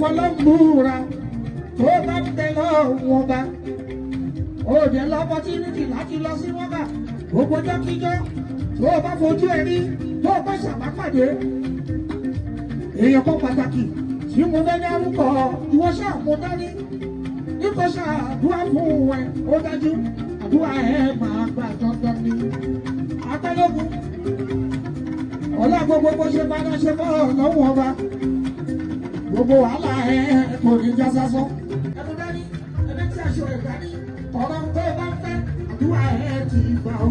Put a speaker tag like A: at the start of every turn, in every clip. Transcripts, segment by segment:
A: fọlọ́gbùra tó bá ń bẹ lọ́rùn ọba òde lọ́pọ́tínítì láti lọ sí wọ́gà gbogbo jọ́kíjọ́ tó bá fojú ẹ rí tó bá ṣàbápàdé èèyàn kan pàtàkì tí mo fẹ́ ní arúkọ ìwọ ṣáà mo dání nípa ṣàdúrà fún ẹ ó dájú àdúrà ẹ máa gbà dandan ni atẹ́lógún ọlá gbogbo bó ṣe bá dá ṣe bá ọ̀nà òun gbogbo wàhálà ẹ kò ní já sásán. ẹnu dání ẹni tí aṣọ ẹ̀dá ní ọ̀rọ̀ ń bẹ́ẹ̀ bá ń fẹ́ àdúrà ẹ ti gbà o.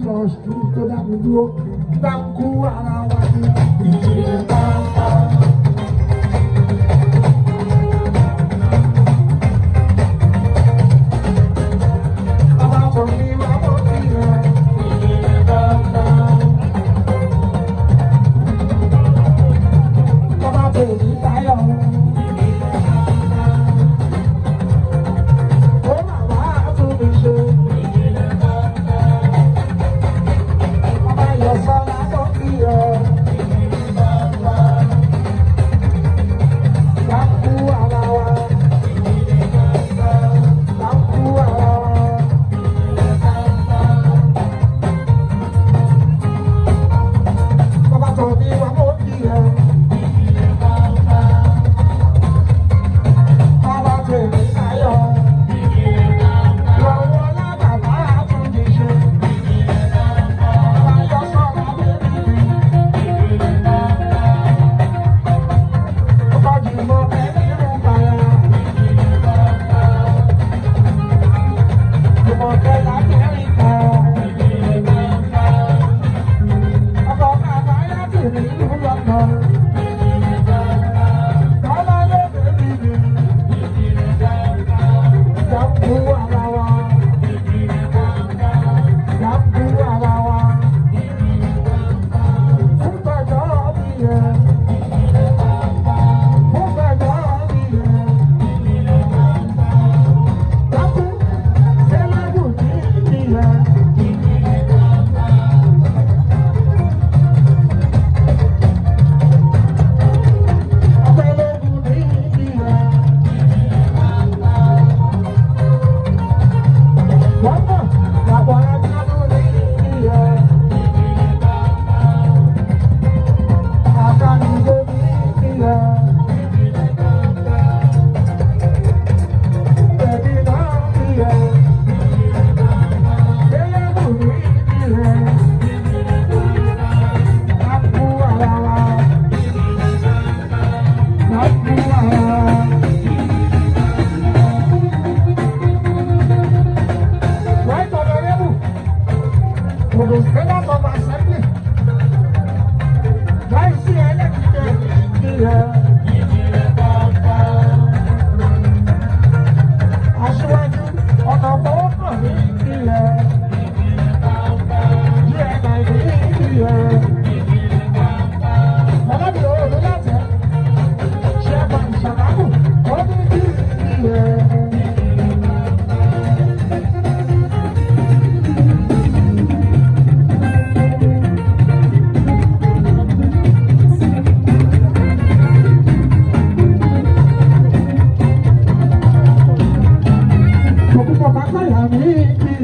A: for us to tó dákun dúró dákun ara wa ni.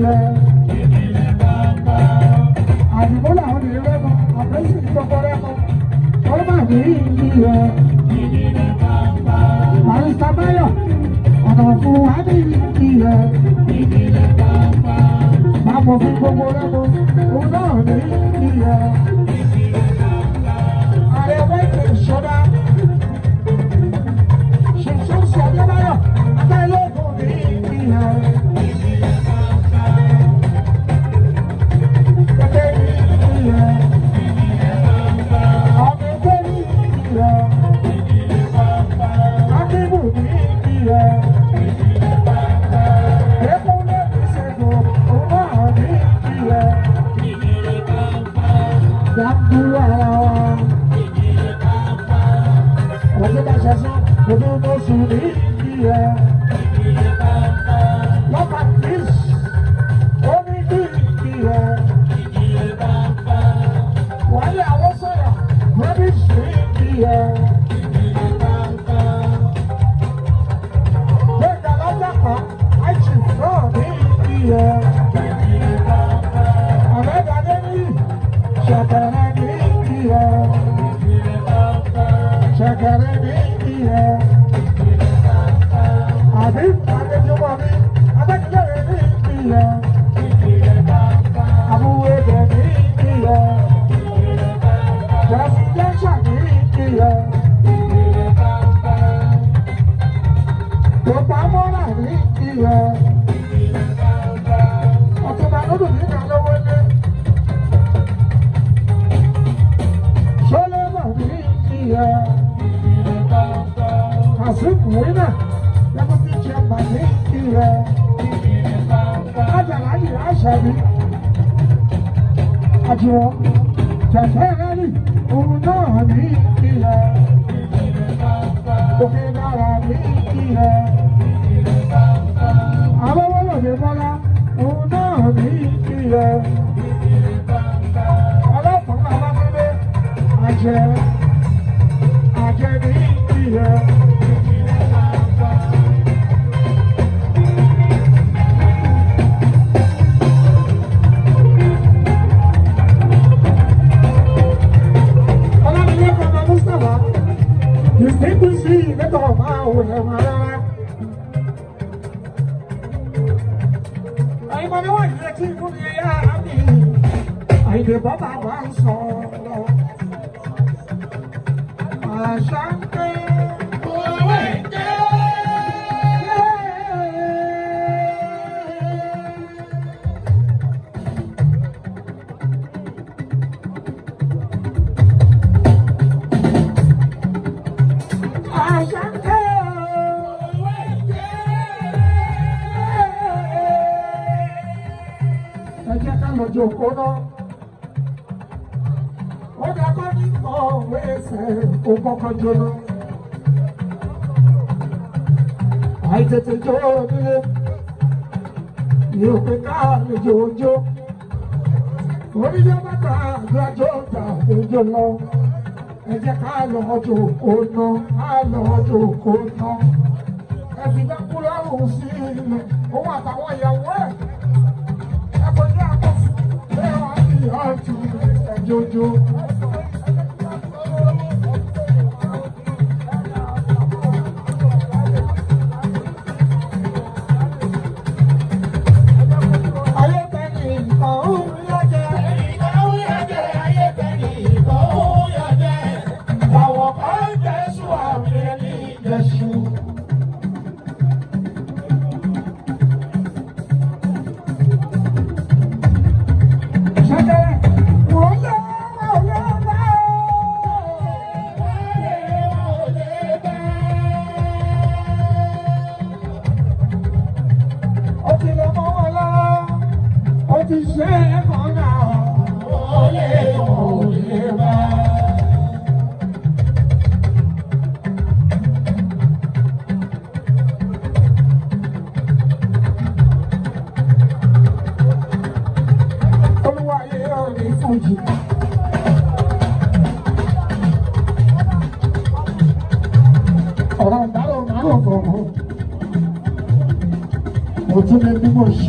A: rẹ̀. Àdìmọ́ làwọn lè rẹ́ àgbà ń bú ara wa. Òkúta ṣẹṣẹ, òkú mọ́sùn ní. tó pamọ́ra ní iyọ̀ ọ̀túnba lọ́dún nígbà lọ́wọ́ lé. sọ́lẹ́mọ̀ ní iyọ̀ kàṣíkù wínà lẹ́kọ̀ọ́ tí jẹ́ bà ní iyọ̀ ájàlá òkè bọ́lá òun náà ní ìpìlẹ̀. ọlọ́kùnrin alágbélé àjẹ àjẹ ní ìpìlẹ̀. Distinguished, let all my own tí fún mi yá mi àyè bàbá wa òkóná. Ó kọ́ ní ọ̀wé ẹsẹ̀ òkọ́kọ́ jóná. Àìtètè jó nílé. Ìròpé káàlì jòjó. Orílẹ̀ bàtà àgbájọ́ ta òjò lọ. Ẹ jẹ́ ká lọ ọjọ́ òkóná, ká lọ kúrò àrùn sí ilẹ̀, òun àtàwọn ìyàwó ẹ̀. love to enjoy.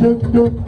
A: Stück, Stück.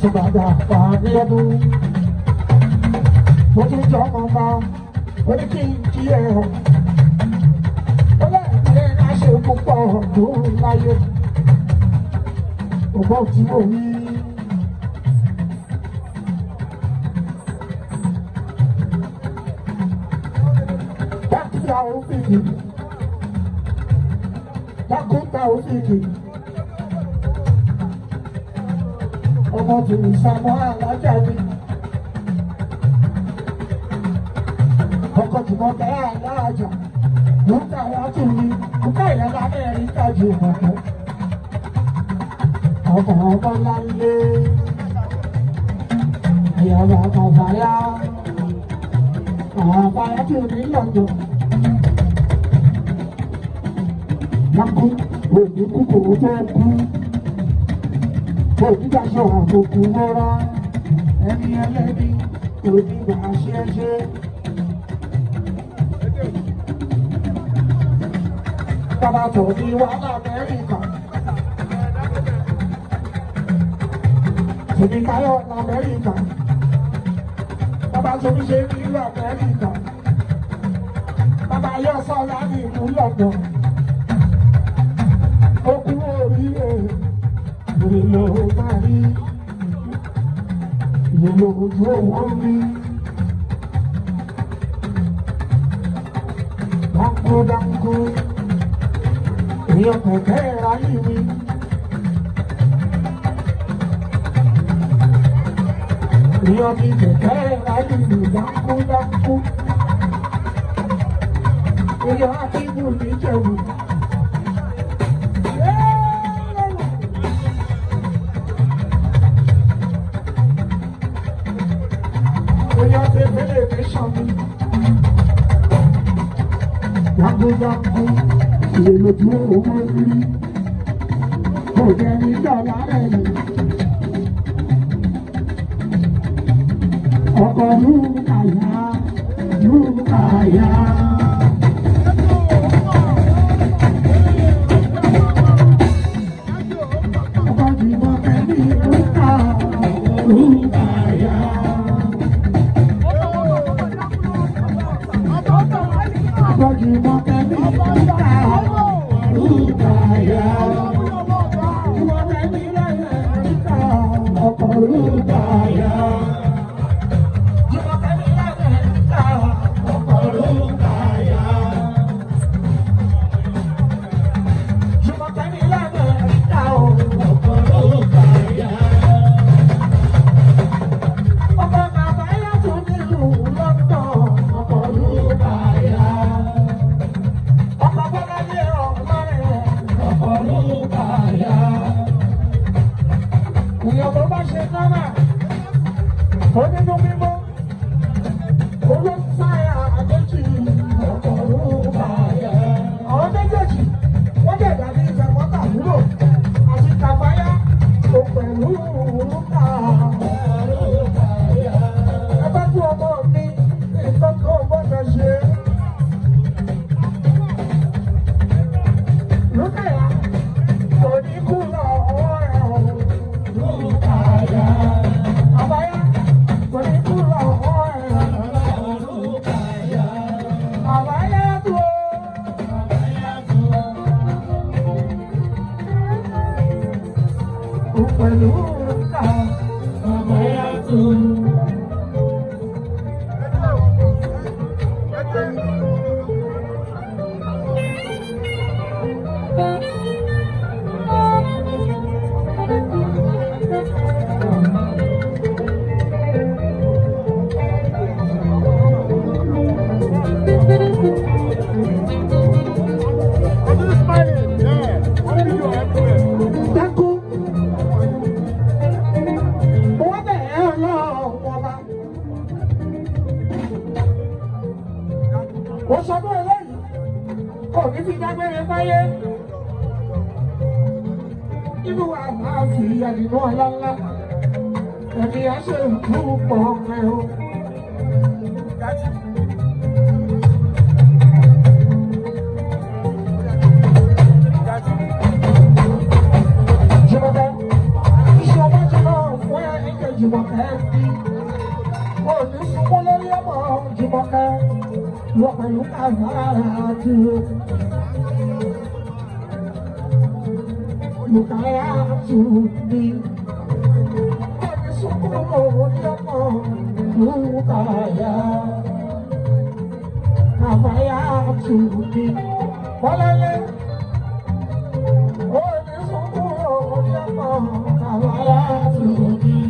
A: àtìgbàgbà pàdéyàdó mo ti jọ ọmọ ọba oníkìkì ẹ ọ ó lè ní aṣọ púpọ̀ ọdún láyé ògbọ́n tí mo rí. Dákúta òfìgì. Dákúta òfìgì. mọ́tò ìsàmọ́ alájà mi. ọkọ̀ jùmọ̀ bẹ́ẹ̀ aláàjà ló ń tà wá tù mí nígbà yẹn lábẹ́ rí tájú ìmọ̀tọ́. ọkọ̀ ọkọ̀ ńlá ń lé ìyàwó ọkọ̀ fàyà àwọn fàyà tí ò ní lọ́jọ́. Nakú òní kúkúrú tó kú onídàájọ́ àbùkù rárá ẹni ẹlẹ́ni kò ní bá a ṣe é ṣe. Bàbá tó ní wàhálà Amẹ́ríkà. Tòmí Káyọ̀ ní Amẹ́ríkà. Bàbá Tòmí ṣe ní ìlú Amẹ́ríkà. Bàbá Yọ̀sọ̀ láti ìlú Lọ́gbọ̀n. ìrè ló bá rí ìrè ló ojú òun rí. Dánkú dánkú èèyàn kò kẹ́rẹ̀ ráyè mi. Èèyàn mi kò kẹ́rẹ̀ ráyè mi dánkú dánkú. Èèyàn á jagunjagun ìrèlè tí ó máa ń rí kò jẹni dàlá rẹ̀ ni. ọkọ̀ ló ń kàyà ló ń kàyà. Ooh. Come on. ṣe ìlú pọ̀ ọ̀fẹ́ o. Jùmọ̀kẹ́ òní sunkún lórí ọmọ Jùmọ̀kẹ́ wọ́n pẹ̀lú kàzára àti Lùkàrà tù ní. Oh, kaya Kamaya aksuti Walale Oli sukuro Kamaya aksuti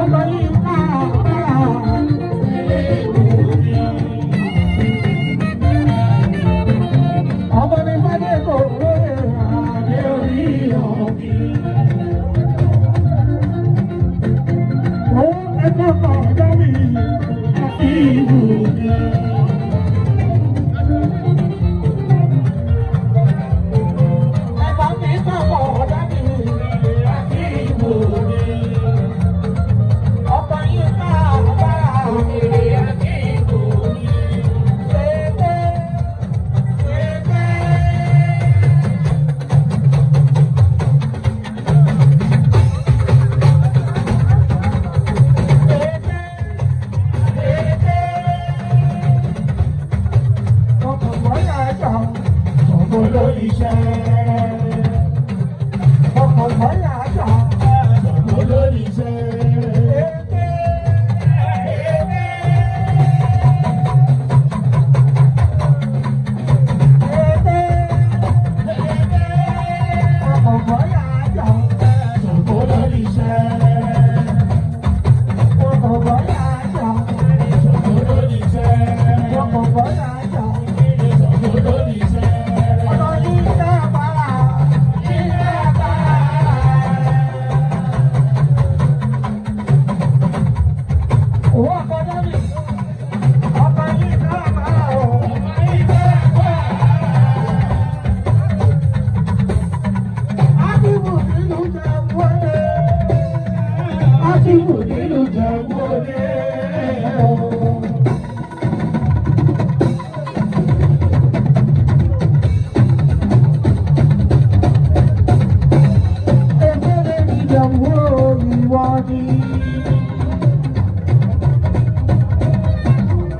A: Ọlọ́yin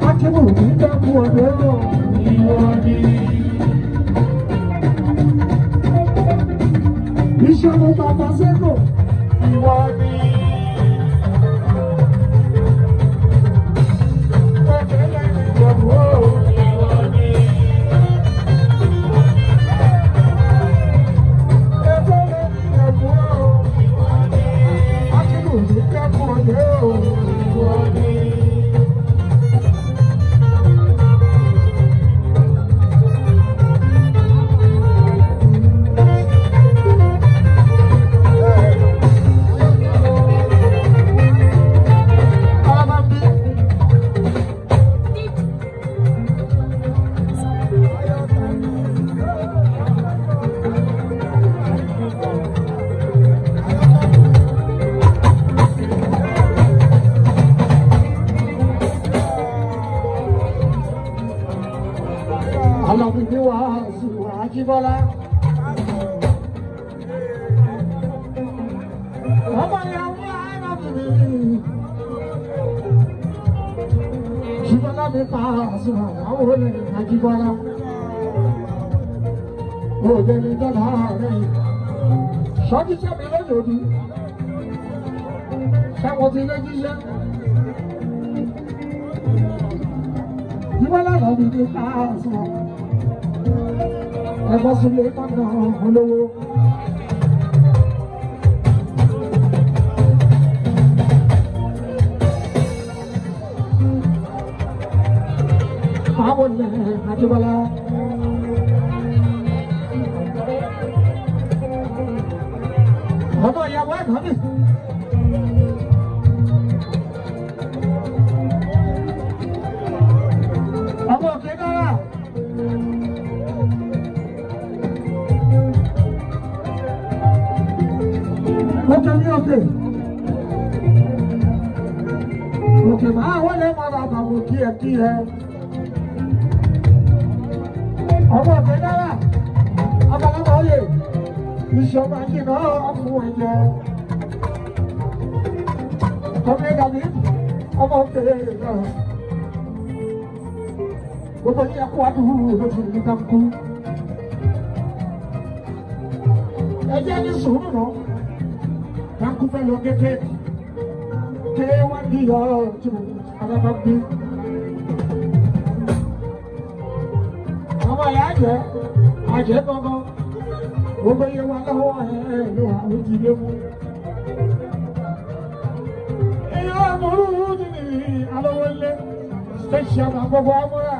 A: akínwùmí dákun ọ̀dọ́ ìwọ ni. iṣẹ́ mo bàbá sẹ́kọ̀ọ́ ìwọ ni. Àjíbọ́lá òde ní dọ́là àárẹ̀ yìí sọ́jí sẹ́mi lónìí òní sẹ́wọ́n ti lé jíṣẹ́ ìwọ́lá lọ́dún ní káàsán ẹ̀fọ́ sílé kọ́nà olówó. gbogbo ní ẹkú adúhùrù olójú ní kankú. ẹ jẹ́ ní sùúrù nù kankú fẹ́ lọ kété kéré wá di yọ tìmù alábá gbé. àwọn ẹ̀yà àjẹ́ àjẹ́ gbọ́ngàn gbogbo iye wa lọ́wọ́ ẹ̀ ẹ̀ ló wà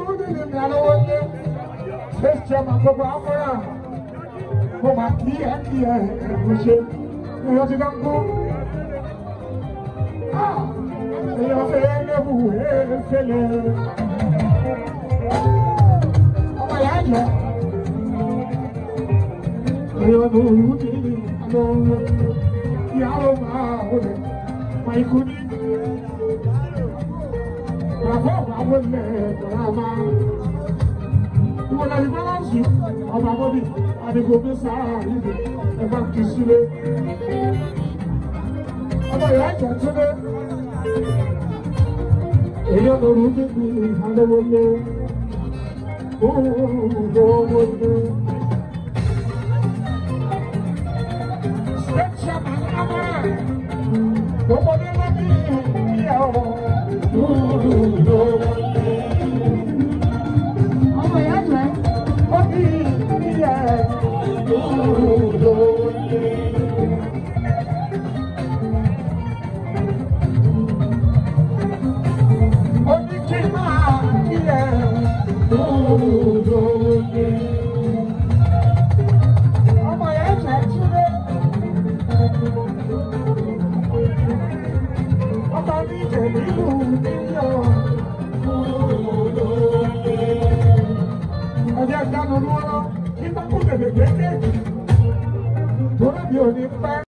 A: Ìgbàlówólé, State Chairman gbogbo Amúra, mo mà kí ẹ̀ kí ẹ̀ ẹ̀gbọ́nṣe, èèyàn ti dán kú. Èèyàn ṣe é lébù ẹ̀ ṣẹlẹ̀. Ọmọ ìyá jẹ́. Èèyàn ló ń wú ní àlọ́ ìyá ló máa wọlé, mà ikú ní. Bàbá àwọn ilẹ̀ ìgbàlá máa gbogbo lẹni bọ́láǹsì ọba bọ́bí àdìgbò gbé sáà ìdè ẹgbà kì í sílé. ọmọ oh, oh, oh, oh, ọmọrú bíbí ìhàlẹ́wọlé òwòwòlé. Gbogbo ní wọ́n bí ìyá ọ̀rọ̀ lóòrùn lóòrùn.
B: Ọjọ́ ìdáná ló wọ́n lè gbé dé torí mi ò ní pẹ́.